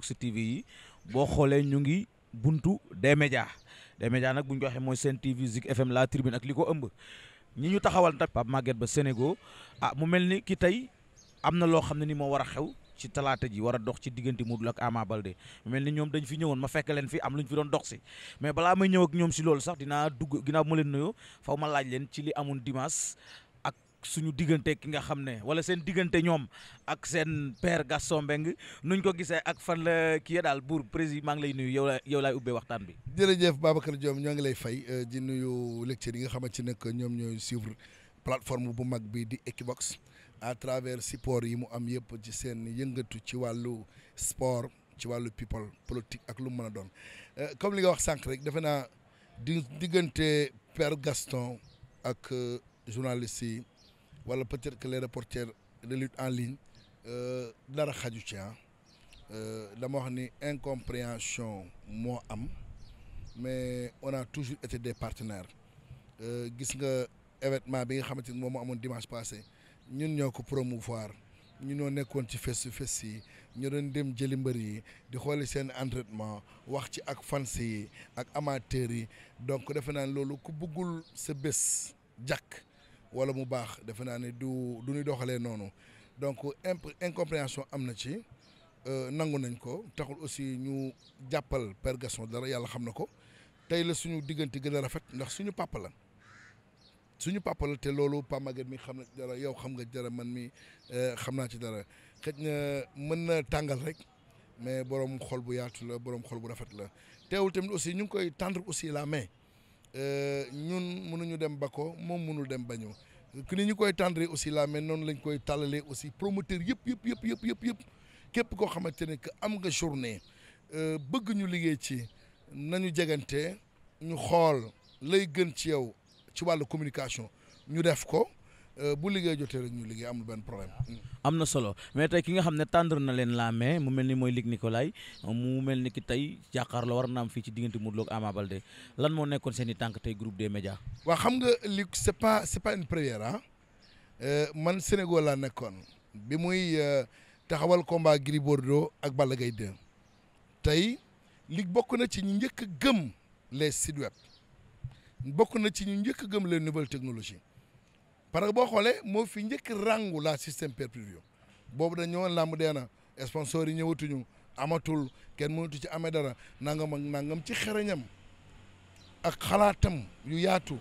Vox TV yi boo xoolee ñu ngi buntu des médias des médias nag bu ñu ko mooy seen TV Zik FM La Tribune ak li ko ëmb ñi ñu taxawal nag Pape Maguette Ba Sénégal a ah mu mel ni ki tey am na loo xam ne ni moo war a xew ci talaata ji war a dox ci diggante Modou Lo ak Ama Baldé mel ni ñoom dañ fi ñëwoon ma fekk leen fii am lu ñu fi doon dox si mais balaa may ñëw ak ñoom si loolu sax dinaa dugg ginnaaw ma leen nuyoo faw ma laaj leen ci li amoon dimanche suñu diggante ki nga xam ne wala seen diggante ñoom ak seen père Gaston Mbengue nuñ ko gisee ak fan la kii daal buur président maa ngi lay nuyu yow la yow laay ubbee waxtaan bi. jërëjëf Babacar Diome ñoo ngi lay fay euh, di nuyu lecteurs yi nga xamante ne ñoom ñooy suivre plateforme bu mag bi di Equivox à travers support yi mu am yëpp ci seen yëngatu ci wàllu sport ci wàllu people politique ak lu mu mën a doon euh, comme li nga wax sànq rek defe naa di diggante père Gaston ak euh, journaliste yi. wala peut-être que les reporters de lutte en ligne euh, dara xaju ci ah dama wax ni incompréhension moo am mais on toujours été des partenaires euh, gis nga événement bi nga xamante ni moom moo amoon dimanche passé ñun ñoo ko promouvoir ñu ñoo nekkoon ci face to yi ñu doon dem jëli mbër yi di xooli seen entraînement wax ci ak fans yi ak amateurs yi donc defe naa loolu ku bëggul sa bés jàkk wala mu baax defe naa ni du du ñu doxalee noonu donc incompréhension am na ci euh, nangu nañ ko taxul aussi ñu jàppal Père Gaston dara yàlla xam na ko tey la suñu diggante gën a rafet ndax suñu papa la suñu papa te loolu Pa Maguette mi xam na ci dara yow xam nga dara man mi euh, xam naa ci dara xëj na mën na tàngal rek mais borom xol bu yaatu la borom xol bu rafet la teewul tamit aussi ñu ngi koy tendre aussi la mais Euh, ñun mënuñu dem ba ko moom mënul dem Bagno ki ni ñu koy tendre aussi la mais noonu lañu koy tàllalee aussi promoteur yëpp yëpp yëpp yëpp yëpp yëpp képp koo xamante ne que am nga journée euh, bëgg ñu liggéey ci nañu jegante ñu xool lay gën ci yow ci wàllu communication ñu def ko Euh, bu liggéey jotee rek ñu liggéey amul benn problème. am na solo mais tey ki nga xam ne tendre na leen la mais mu mel ni mooy Luc Nicolaï mu mel ni ki tey jàkkaarloo war na am fii ci diggante Modou Lo ak Ama lan moo nekkoon seeni i tànk tey groupe des médias. waaw xam nga Luc c'est pas c'est pas une première euh, man Sénégal la nekkoon bi muy euh, taxawal komba Gris Bordeaux ak Balla Gaye 2 tey Luc bokk na ci ñu njëkk a gëm les sites web na ci ñu njëkk gëm les nouvelles technologies. parce que boo xoolee moo fi njëkk rangu la système perpétuel boobu dañ ñëwoon làmb dee na sponsors yi ñëwatuñu amatul kenn mënatu ci amee dara nangam ak nangam ci xereñam ak xalaatam yu yaatu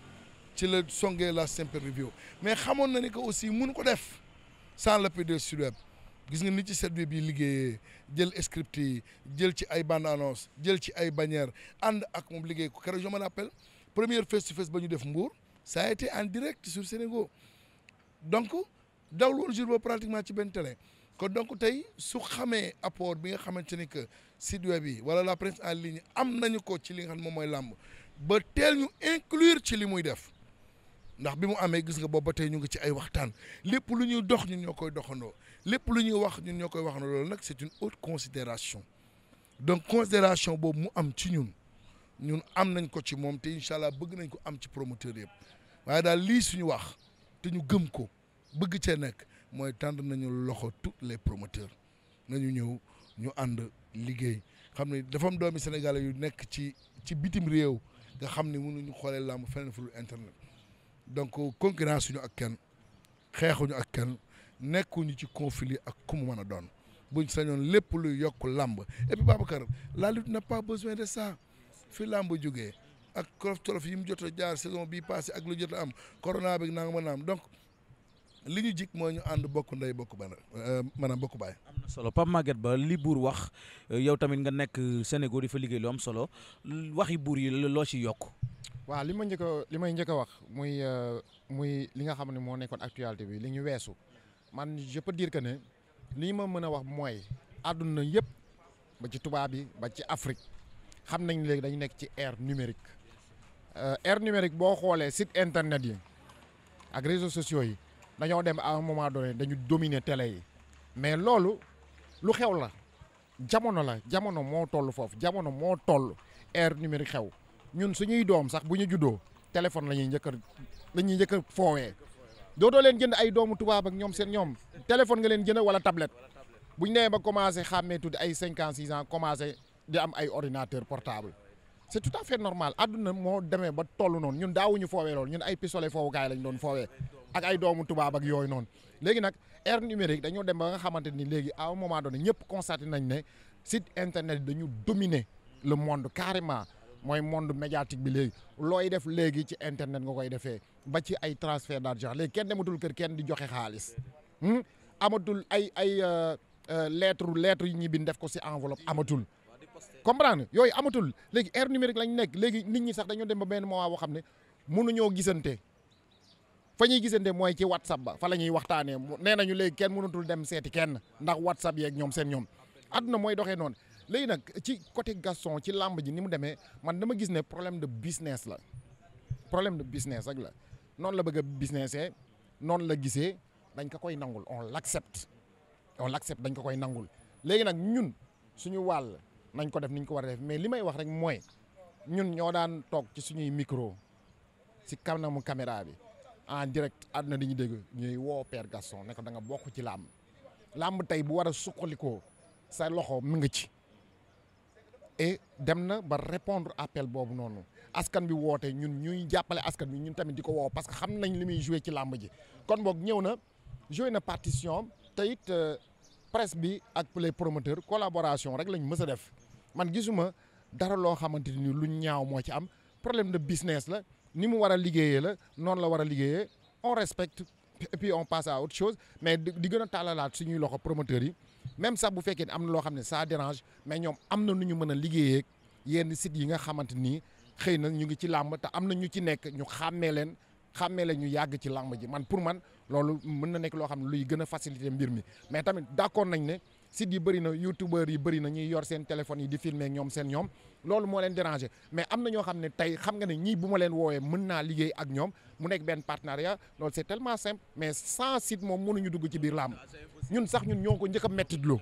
ci la songee la système perpétuel mais xamoon na ni que aussi mun ko def sans l'appui de Sudweb gis nga ni ci service bi liggéeye jël script jël ci ay bande annonce jël ci ay bannière ànd ak moom liggéey ko kere je me rappelle première face to ba ñu def Mbour. ça a été en direct sur Sénégo donc daw loolu jour boobu pratiquement ci benn télé kon donc tey su xamee apport bi nga xamante ni que site web yi wala la presse en ligne am nañu ko ci li nga xam moom mooy làmb ba teel ñu inclure ci li muy def ndax bi mu amee gis nga boobu ba tey ñu ngi ci ay waxtaan lépp lu ñuy dox ñu ñoo koy doxandoo lépp lu ñuy wax ñun ñoo koy waxandoo loolu nag c'est une haute considération donc considération boobu mu am ci ñun ñun am nañ ko ci moom te incha bëgg nañ ko am ci promoteur yëpp waaye daal lii suñu wax te ñu gëm ko bëgg cee nekk mooy tànd nañu loxo tous les promoteurs nañu ñëw ñu ànd liggéey xam ne dafa am doomi Sénégal yu nekk ci ci bitim réew nga xam ne mënuñu xoolee làmb feneen fu internet donc concurrence suñu ak kenn xeexuñu ak kenn nekkuñu ci conflit ak ku mu mën a doon buñ sañoon lépp luy yokk làmb et puis Babacar la lutte n'a pas de ça fi làmb jógee ak korof torof yi mu jot a jaar saison bii passé ak lu jot am corona bi naa nga mën a am donc li ñu jik moo ñu ànd bokk ndey bokk ba euh, maanaam bokk baay. am na solo Pape Maguette Ba li buur wax euh, yow tamit nga nekk Sénégal di fa liggéey lu am solo waxi buur yi loo ci yokk. waaw li ma njëkk li may njëkk a wax muy euh, muy li nga xam ne moo nekkoon actualité bi li ñu weesu man je diir dire que ne li ma mën a wax mooy àdduna yëpp ba ci tubaab yi ba ci Afrique xam nañ léegi dañu nekk ci air numérique. ère euh, numérique boo xoolee site internet yi ak réseaux sociaux yi dañoo dem à un moment donné dañu domine télé yi mais loolu lu xew la jamono la jamono moo toll foofu jamono moo toll ère numérique xew ñun su ñuy doom sax bu ñu juddoo téléphone la ñuy njëkk a la ñuy njëkk a foowee leen jënd ay doomu tubaab ak ñoom seen ñoom téléphone nga leen jënd wala tablette bu ñu nee ba commencé xàmmee tuuti ay cinquante ans six ans commencé di am ay ordinateur portable c'est tout à fait normal àdduna moo demee ba toll noonu ñun daawuñu foowee loolu ñun ay pistolet foowukaay lañ doon foowee ak ay doomu tubaab ak yooyu noonu léegi nag ère numérique dañoo dem ba nga xamante ni léegi à un moment ñëpp constaté nañ ne site internet dañu dominer le monde carrément mooy monde médiatique bi léegi looy def léegi ci internet nga koy defee ba ci ay transfert d'argent léegi kenn dematul kër kenn di joxe xaalis hmm? amatul ay ay euh, euh, letre lettre yi ñu bind def ko si enveloppe amatul comprendre yooyu amatul léegi ère numérique lañ nekk léegi nit ñi sax dañoo dem ba benn moment boo xam ne ñoo gisante fa ñuy gisante mooy ci whatsapp ba fa la ñuy waxtaanee nee nañu léegi kenn mënatul dem seeti kenn ndax whatsapp yeek ñoom seen ñoom àdduna mooy doxee noonu léegi nag ci côté Gaston ci làmb ji ni mu demee man dama gis ne problème de business la problème de business rek la noonu la bëgg a businessee noonu la gisee dañ ko koy nangul on l'accepte on l'accepte dañ ko koy nangul léegi nag ñun suñu wàll nañ ko def niñ ko war a def mais li may wax rek mooy ñun ñoo daan toog ci suñuy micro si kanamu caméra bi en direct àdduna di ñu dégg ñuy woo Père Gaston ne ko da nga bokk ci làmb làmb tey bu war a suqalikoo sa loxo mu nga ci e dem na ba répondre appel boobu noonu askan bi woote ñun ñuy jàppale askan bi ñun tamit di ko woo parce que xam nañ li muy joué ci làmb ji kon boog ñëw na joué na partition tey presse bi ak les promoteur collaboration rek lañu mës a def man gisuma dara loo xamante ni lu ñaaw moo ci am problème de business la ni mu war a liggéeyee la noonu la war a liggéeye on respecte et puis on passe à autre chose mais di gën a tàllalaat suñuy loxo promoteurs yi même sa bu fekkee ne am na loo xam ne sa dérange mais ñoom am na nu ñu mën a liggéeyee yenn sites yi nga xamante ni xëy nag ñu ngi ci làmb te am na ñu ci nekk ñu xàmmee leen. xàmmee la ñu yàgg ci làmb ji man pour man loolu mën na nekk loo xam ne luy gën a faciliter mbir mi mais tamit d'accord nañ ne site yi bëri na youtubeurs yi bëri na ñuy yor seen téléphone yi di filmer ñoom seen ñoom loolu moo leen déranger mais am na ñoo xam ne tey xam nga ne ñii bu ma leen woowee mën naa liggéey ak ñoom mu nekk benn partenariat loolu c'est tellement simple mais sans site moom ñu dugg ci biir làmb ñun sax ñun ñoo ko njëkk a méttitloo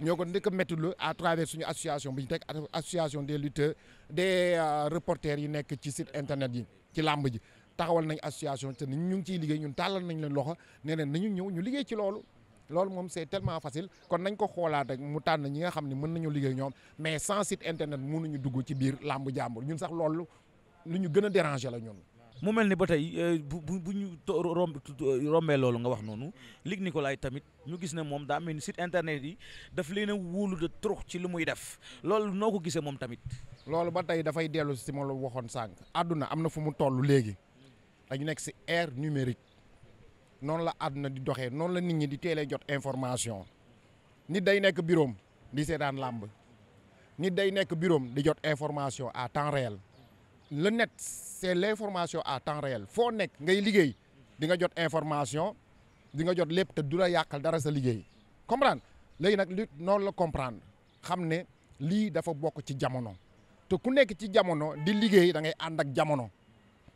ñoo ko njëkk a méttitloo travers suñu association bi ñu teg association des lutteurs des euh, reporters yi nekk ci site internet yi ci làmb ji taxawal nañ association te ñu ngi ciy liggéey ñun tàllal nañ leen loxo nee nañ nañu ñëw ñu liggéey ci loolu loolu moom c'est tellement facile kon nañ ko xoolaat mu tànn ñi nga xam ne mën nañu liggéey ñoom mais sans site internet mënuñu dugg ci biir làmb jàmbur ñun sax loolu lu ñu gën a déranger la ñun. mu mel ni ba tey euh, bu bu bu ñu romb rombee loolu nga wax noonu Luc Nicolaï tamit ñu gis ne moom daa mel ni site internet yi daf leen a wóolu de trop ci lu muy def loolu noo ko gisee moom tamit. loolu ba tey dafay dellu si ma la waxoon sànq. àdduna am na fu mu toll léegi. dañu nekk si ère numérique noonu la àdduna di doxee noonu la nit ñi di teelee jot information ni day nekk biroom di seetaan làmb nit day nekk biroom di jot information à temps réel le net c'est information à temps réel foo nekk ngay liggéey di nga jot information di nga jot lépp te du la yàqal dara sa liggéey comprendre léegi nag noonu la comprendre xam ne lii dafa bokk ci jamono te ku nekk ci jamono di liggéey da ngay ànd ak jamono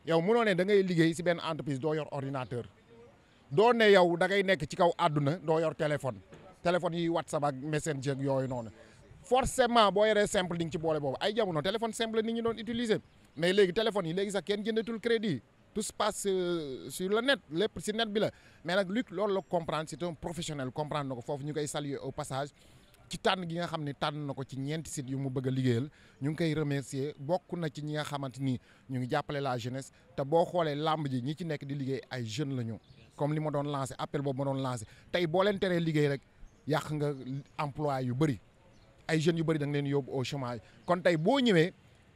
yow munoo ne da ngay liggéey si benn entreprise doo yor ordinateur doo ne yow da ngay nekk ci kaw àdduna doo yor téléphone téléphone yi whatsapp ak messenger yooyu noonu forcément boo yoree simple di ci boole boobu ay jamono téléphone simple nit ñi doon utiliser mais léegi téléphone yi léegi sax kenn jëndatul crédit tout se passe euh, sur le net lépp si net bi la mais nag Luc loolu la comprendre c'est un professionnel comprendre na ko foofu ñu koy saluer au passage ci tànn gi nga xam ne tànn na ko ci ñeenti sites yu mu bëgg a liggéeyal ñu ngi koy remercier bokk na ci ñi nga xamante ni ñu ngi jàppale la jeunesse te boo xoolee làmb ji ñi ci nekk di liggéey ay jeunes la ñu comme ni ma doon lancé appel boobu ma doon lancé tey boo leen teree liggéey rek yàq nga emploi yu bëri ay jeunes yu bëri da nga leen yóbbu au chômage kon tey boo ñëwee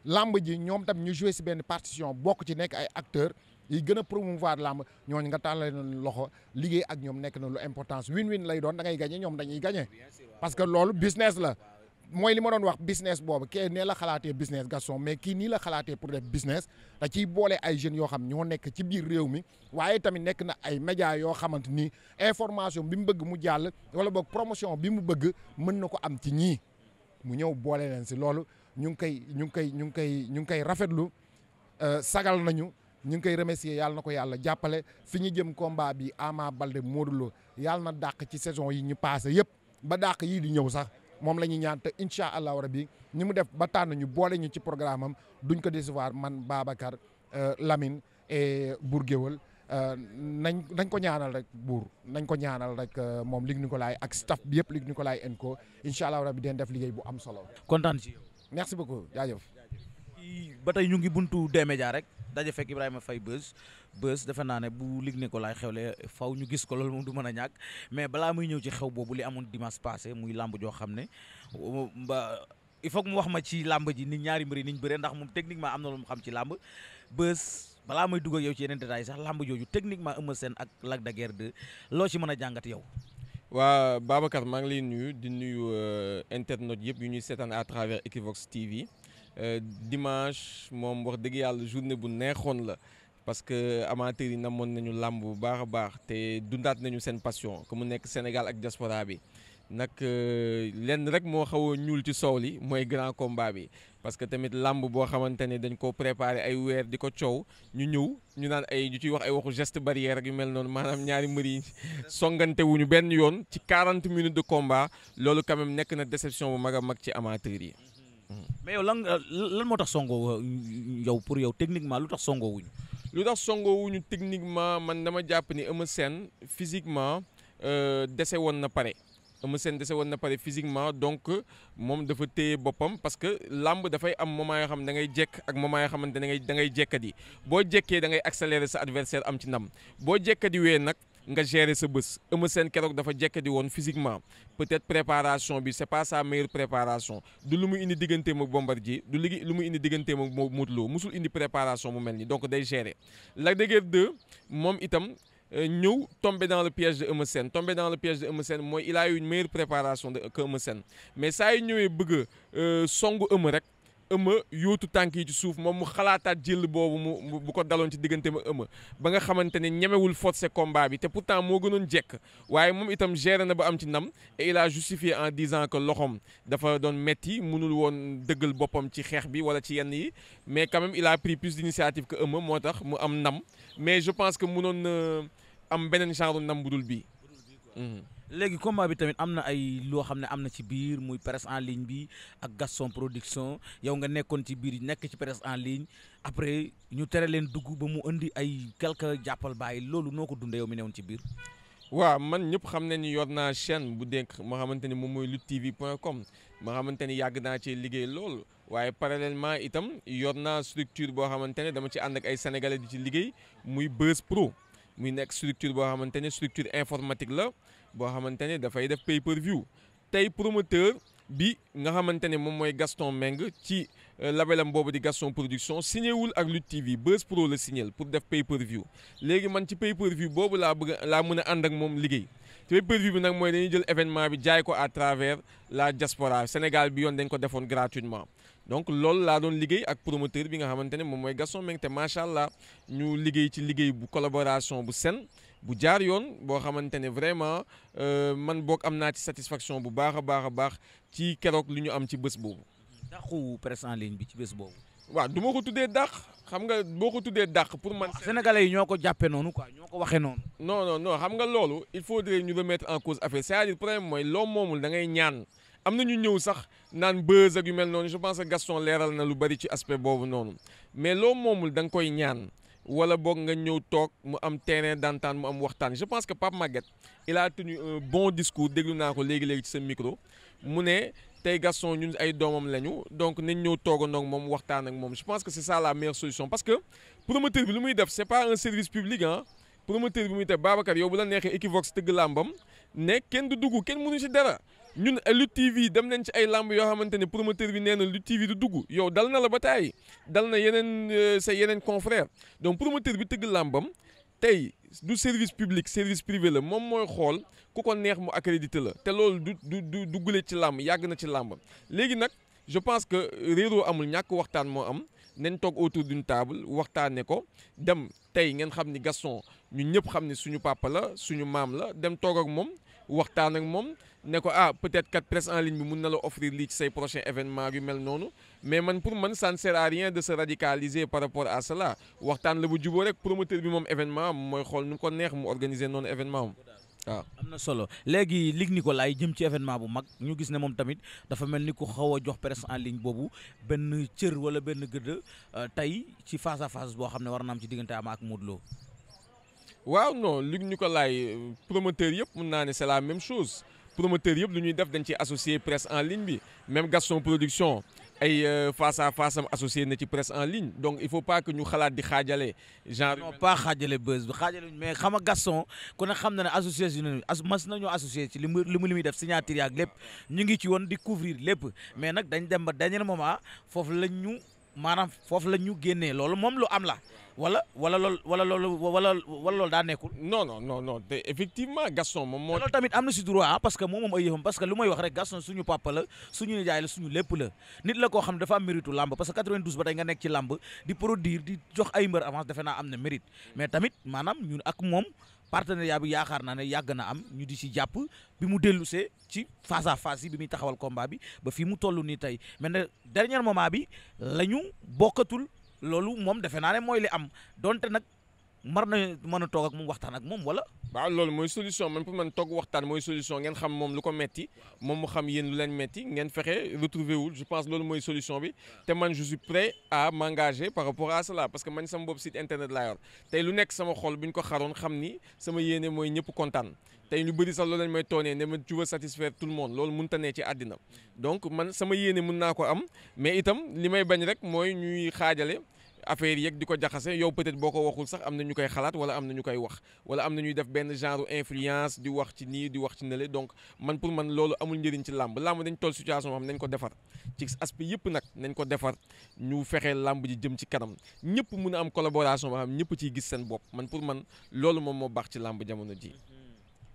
làmb ji ñoom tam ñu joué si benn partition bokk ci nekk ay acteurs yi gën a promouvoir làmb ñooñu nga tàllale leen loxo liggéey ak ñoom nekk na lu importance win-win lay doon da ngay gagné ñoom dañuy gagné parce que loolu business la mooy li ma doon wax business boobu kee nee la xalaatee business Gaston mais kii nii la xalaatee pour def business da ciy boole ay jeunes yoo xam ñoo nekk ci biir réew mi waaye tamit nekk na ay médias yoo xamante ni information bi mu bëgg mu jàll wala boog promotion bi mu bëgg mën na ko am ci ñii mu ñëw boole leen si loolu ñu ngi koy ñu ngi koy ñu ngi koy ñu ngi koy rafetlu euh, sagal nañu. ñu ngi koy remercier yàlla na ko yàlla jàppale fi ñu jëm combat bi Ama Baldé Modou Lô yàlla na dàq ci saison yi ñu paase yëpp ba dàq yii di ñëw sax moom la ñuy ñaan te incha allahu rabi ni mu def ba tànn ñu boole ñu ci programme duñ ko décevoir man Babacar euh, Lamine e Bour Guéweul euh, nañ nañ ko ñaanal rek buur nañ ko ñaanal rek euh, moom Luc Nicolaï ak staff bi yëpp Luc Nicolaï en ko incha allah rabi den def liggéey bu am solo. kontaan ci ba tey ñu ngi buntu D-Media rek daje fekk Ibrahima Faye Beuz Beuz defe naa ne bu lig ne ko laay xewle faw ñu gis ko loolu moom du mën a ñàkk mais balaa muy ñëw ci xew boobu li amoon dimanche passé muy làmb joo xam ne ba il faut mu wax ma ci làmb ji ni ñaari ni niñ bëree ndax moom techniquement am na lu mu xam ci làmb Beuz balaa may dugg ak yow ci yeneen détails sax làmb jooju techniquement Eumeu Sène ak Lac de Guiers loo ci mën a jàngat yow. waa Babacar maa ngi lay nuyu di nuyu euh, internautes yëpp yu ñuy seetaan à travers Equivox Euh, dimanche moom wax dëgg yàlla journée bu neexoon la parce que amateurs yi namoon nañu làmb bu baax a baax te dundaat nañu seen passion que mu nekk Sénégal ak diaspora bi nag euh, lenn rek moo xaw a ñuul ci soow li mooy grand combat bi parce que tamit làmb boo xamante ne dañ ko préparé ay weer di ko coow ñu ñëw ñu naan ay ñu ci wax ay waxu gest barrière ak yu mel noonu maanaam ñaari mbër yi songante benn yoon ci 40 minutes de combat loolu quand même nekk na déception bu mag a mag ci amateurs yi Mm-hmm. mais yow lan lan moo tax songoo yow pour yow techniquement lu tax songoo wuñu lu tax songo wuñu techniquement man dama jàpp ni Eumeu Sène physiquement euh, dese woon na pare Eumeu Sène dese woon na pare physiquement donc moom dafa téye boppam parce que làmb dafay am moment yoo xam da dangay jekk ak moment yoo xamante ne da ngay da ngay boo jekkee da ngay accélérer sa adversaire am ci nam boo jekkati wee nag. nga gérer sa bës Eumeu seen keroog dafa jekkadi woon physiquement peut-être préparation bi c'est pas sa meilleure préparation du lu mu indi digganteem ak Bombardier du ligi lu mu indi digganteem ak Modou Lo musul indi préparation mu mel ni donc day gérer la de Guiers moom itam euh, ñëw tombe dans le piège de Eumeu Sène tombé dans le piège de Eumeu Sène mooy il a eu une meilleure préparation que Eumeu Sène mais saa yu ñëwee bëgg a euh, songu Eumeu rek ëmma yootu tànk yi ci suuf moom mu xalaataat jël boobu mu bu ko daloon ci diggante ma ëmma ba nga xamante ne ñemewul forcer combat bi te pourtant moo gënoon jekk waaye moom itam géré na ba am ci nam et il a justifié en disant que loxoom dafa doon metti mënul woon dëggal boppam ci xeex bi wala ci yenn yi mais quand même il a pris plus d'initiative que ëmma moo tax mu am nam mais je pense que mënoon euh, am beneen genre ndam budul bii léegi combat bi tamit am na ay loo xam ne am na ci biir muy presse en ligne bi ak Gaston production yow nga nekkoon ci biir nekk ci presse en ligne après ñu tere leen dugg ba mu indi ay quelque jàppal bàyyi loolu noo ko dundee yow mi newoon ci biir. waa man ñëpp xam ne ni yor naa chaîne bu dénk ma xamante ni moom mooy lutte tv point com ma xamante ni yàgg naa ci liggéey lool waaye parallèlement itam yor naa structure boo xamante ne dama ci ànd ak ay sénégalais di ci liggéey muy Buzz Pro muy nekk structure boo xamante ne structure informatique la. boo xamante ne dafay def pay per view tey promoteur bi nga xamante ne moom mooy Gaston Meng ci euh, labelam boobu di Gaston production signé wul ak Lutte TV Buzz Pro la signé pour def pay per view léegi man ci pay per view boobu laa bëgg laa mën a ànd ak moom liggéey. te bi nag mooy dañuy jël événement bi jaay ko à travers la diaspora Sénégal bi yoon dañ ko defoon gratuitement donc loolu laa doon liggéey ak promoteur bi nga xamante ne moom mooy Gaston Mbengue te allah ñu liggéey ci liggéey bu collaboration bu sen bu jaar yoon boo xamante ne vraiment euh, man book am naa ci satisfaction bu baax a baax a baax ci keroog li ñu am ci bës boobu. dàqu presse en ligne bi ci bés boobu. waaw du ma ko tuddee dàq xam nga boo ko tuddee dàq pour man. Sénégalais yi ñoo ko jàppee noonu quoi ñoo ko waxee noonu. non no non xam nga loolu il faut ñu remettre en cause affaire c'est-à-dire problème mooy loo moomul da ñaan. am na ñu ñëw sax naan buzz ak yu mel noonu je pense que Gaston leeral na lu bari ci aspect boobu noonu mais loo moomul da nga koy ñaan. wala boog nga ñëw toog mu am terrain d'entente mu am waxtaan je pense que Pape Maguette il a tenu un bon discours déglu naa ko léegi léegi ci sa micro mu ne tey Gaston ñun ay doomam lañu donc nañ ñëw toogandoo ak moom waxtaan ak moom je pense que c'est ça la meilleure solution parce que promoteur bi lu muy def c'est pas un service public ah promoteur bi muy def Babacar yow bu la neexee Equivox tëgg làmbam ne kenn du dugg kenn mu mënu si dara. ñun Lutte TV dem nañ ci ay lamb yoo xamante ne promoteur bi neena na Lutte TV du dugg yow dal na la ba tàyyi dal na yeneen euh, sa yeneen confrère donc promoteur bi tëgg làmbam tey du service publique service privé la moom mooy xool ku ko neex mu accrédité la te loolu du du du duggule ci làmb yàgg na ci làmb léegi nag je pense que réeroo amul ñàkk waxtaan moo am nañ toog autour d'une table waxtaanee ko dem tey ngeen xam ni Gaston ñu ñëpp xam ni suñu papa la suñu maam la dem toog ak moom waxtaan ak moom. ne ko ah peut-être kat presse en ligne bi mun na la offrir lii ci say prochain événement bi mel noonu mais man pour man ça ne sert de se radicaliser par rapport à cela waxtaan la bu juboo rek promoteur bi moom événement am mooy xool nu ko neex mu organiser noonu événement am waaw am na solo léegi Luc Nicolaï jëm ci événement bu mag ñu gis ne moom tamit dafa mel ni ku xaw a jox presse en ligne boobu benn cër wala benn gëdd euh, tey ci face boo xam ne war na am ci diggante am ak Modou Lo waaw non Luc Nicolaï euh, promoteur yëpp mun naa ne c'est la même chose promoteurs yëpp lu ñuy def dañ ci associé presse en ligne bi même Gaston production ay euh, face à face am na ci presse en ligne donc il faut pas que ñu xalaat di xaajale genre. non pas xaajale buzz bi xaajale mais xam nga Gaston ku ne xam na ne association bi mas nañoo associé ci li mu li muy def signature yaak lépp ñu ngi ci woon di couvrir lépp mais nag dañ dem ba dernier moment foofu lañ ñu. maanaam foofu la ñu génnee loolu moom lu am la wala wala loolu wala loolu wala wala loolu daa nekkul. non non non non te effectivement Gaston moom moo. loolu tamit am na si droit ah, parce que moom moom ay yëfam parce que lu may wax rek Gaston suñu papa la suñu nijaay la suñu lépp la nit la koo xam dafa am méritu làmb parce que 92 ba tey nga nekk ci làmb di produire di jox ay avance defe naa am na mérite mais tamit maanaam ñun ak moom. partenariat bi yaakaar naa ne yàgg na am ñu di si jàpp bi mu dellusee ci face à face yi bi muy taxawal combat bi ba fii mu toll nii tey mais ne dernier moment bi la ñu bokkatul loolu moom defe naa ne mooy li am donte nag mar nañu mën a toog ak moom waxtaan ak moom wala. waaw loolu mooy solution man pour man toog waxtaan mooy solution ngeen xam moom lu ko metti moom mu xam yéen lu leen metti ngeen fexe retrouver wul je pense loolu mooy solution bi te man je suis à m'engager par rapport à cela parce que man sama bopp site internet laa yor tey lu nekk sama xol bu ñu ko xaroon xam ni sama yéene mooy ñëpp kontaan tey lu bëri sax loolu lañ may toonee ne ma tu veux satisfaire tout le monde loolu mënta ne ci man sama yéene mën naa ko am mais itam li may bañ rek mooy ñuy xaajale affaire yeeg di ko jaxase yow peut-être boo ko waxul sax am na ñu koy xalaat wala am na ñu koy wax wala am na ñuy def benn genre influence di wax ci nii di wax ci nële donc man pour man loolu amul njëriñ ci làmb làmb nañ toll situation xam nañ ko defar ci aspect yëpp nag nañ ko defar ñu fexe làmb ji jëm ci kanam ñëpp mun a am collaboration boo xam ñëpp ciy gis seen bopp man pour man loolu moom moo baax ci làmb jamono ji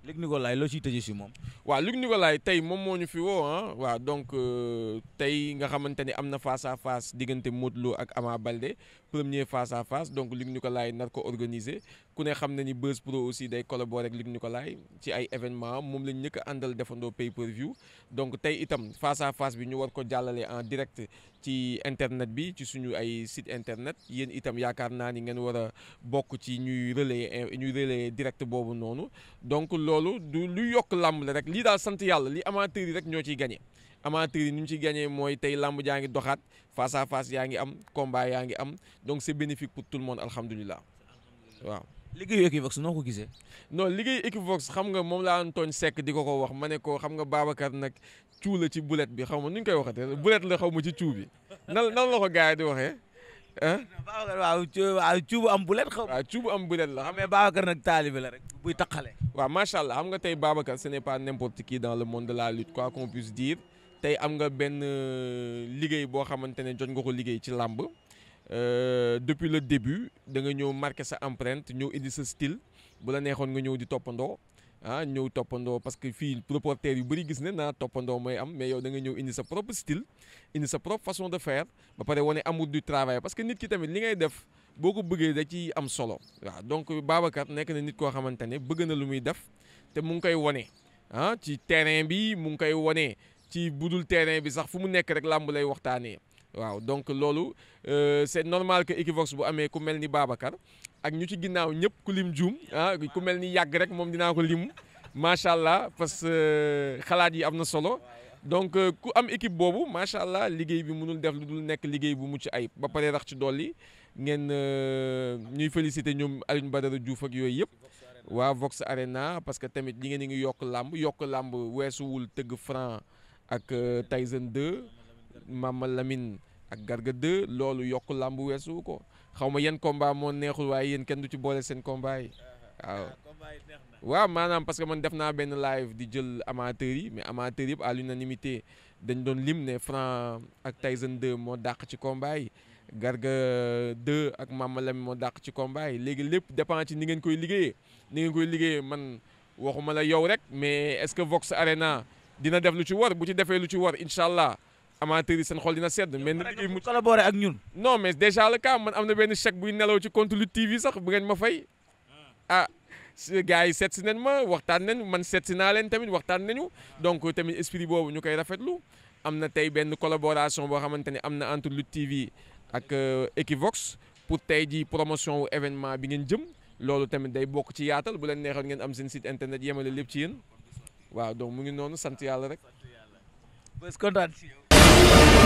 Luc Nicolaï loo ciy tëjee si moom. waa waaw Luc Nicolaï tey moom moo ñu fi woo ah waaw donc euh, tey nga xamante ni am na face à diggante Modou Lo ak Ama Balde premier face à face donc Luc Nicolaï nar ko organiser ku ne xam na ni Buzz pour aussi day collaboré ak ko Nicolaï ci ay événement moom lañ njëkk àndal defandoo pay per view donc tey itam face à face bi ñu war ko jàllale en direct ci internet bi ci suñu ay site internet yéen itam yaakaar naa ni ngeen war a bokk ci ñuy relayer ñuy relayer direct boobu noonu donc loolu du lu yokk làmb la rek lii daal sant yàlla li amateurs yi rek ñoo ciy gañe amateurs yi ni ñu ci gagné mooy tey làmb jaa ngi doxaat face à yaa ngi am combat yaa ngi am donc c'est bénéfique pour tout le monde alhamdulilah waaw. liggéeyu Equivox noo ko gisee. non liggéeyu Equivox xam nga moom laa tooñ sekk di ko ko wax ma ne ko xam nga Babacar nag cuu la ci bulet bi xaw ma nu ñu koy waxatee bulet la xaw ma ci cuu bi nan nan la ko gars yi di waxee. ah Babacar waaw waaw am bulet bu am la xam mais Babacar nag taalibe la rek buy taqale. waa macha allah xam nga tey Babacar ce n'est pas n'importe qui dans le monde de la lutte quoi qu'on puisse dire tey am nga benn euh, liggéey boo xamante ne jot nga ko liggéey ci làmb Euh, depuis le début danga ñëw marqué sa empreinte ñëw indi sa style bu la neexoon nga ñëw di toppandoo ah ñëw toppandoo parce que fii reporter yu bëri gis ne naa toppandoo mooy am mais yow da nga ñëw indi sa propre style indi sa propre façon de faire ba pare wane amour du travail parce que nit ki tamit li ngay def boo ko bëggee da ciy am solo waaw donc Babacar nekk na nit koo xamante ne bëgg na lu muy def te mu ngi koy wane ah ci terrain bi mu ngi koy wane ci budul terrain bi sax fu mu nekk rek làmb lay waxtaanee. waaw donc loolu euh, c'est normal que Equivox bu amee ku mel ni Babacar ak ñu ci ginnaaw ñëpp ku lim juum ah ku mel ni yàgg rek moom dinaa ko lim macha allah parce que euh, xalaat yi am na solo donc euh, ku am équipe boobu macha allah liggéey bi mënul def lu dul nekk liggéey bu mucc ay ba pare rax ci dolli ngeen ñuy féliciter ñoom Alioune Badara Diouf ak yooyu yëpp. waa Vox Arena parce que tamit ñi ngeen ngi yokk làmb yokk làmb weesuwul tëgg franc ak Tyson 2. Mama Lamine ak Garga 2 loolu yokk làmb weesu ko xaw ma yan combat moo neexul waaye yéen kenn du ci boole seen combat yi waaw. Ah, maanaam parce que man def naa benn live di jël amateur yi mais amateurs yëpp à l'unanimité dañ doon lim ne Franc ak Tyson 2 moo dàq ci combat yi Garga 2 ak Mama Lamine moo dàq ci combat yi léegi lépp dépend ci ni ngeen koy liggéeyee ni koy liggéeyee man waxuma la yow rek mais est-ce que Vox Arena dina def lu ci war bu ci defee lu ci war incha allah amateur yi seen dina sedd. mel ni liggéey mu collaboré ak ñun. non mais déjà le cas man am na benn chèque buy nelaw ci compte Lutte TV sax ah. Ah, yi seet si nañ ma waxtaan nañ man seet naa leen tamit waxtaan nañu donc tamit esprit boobu ñu koy rafetlu am na tey benn collaboration boo xamante ne am na entre Lutte TV ak euh, Equivox pour tey ji promotion wu événement bi ngeen jëm loolu tamit day bokk ci yaatal bu leen neexoon ngeen am seen site internet yemale lépp ci yéen waaw donc mu ngi noonu sant yàlla rek. Thank you.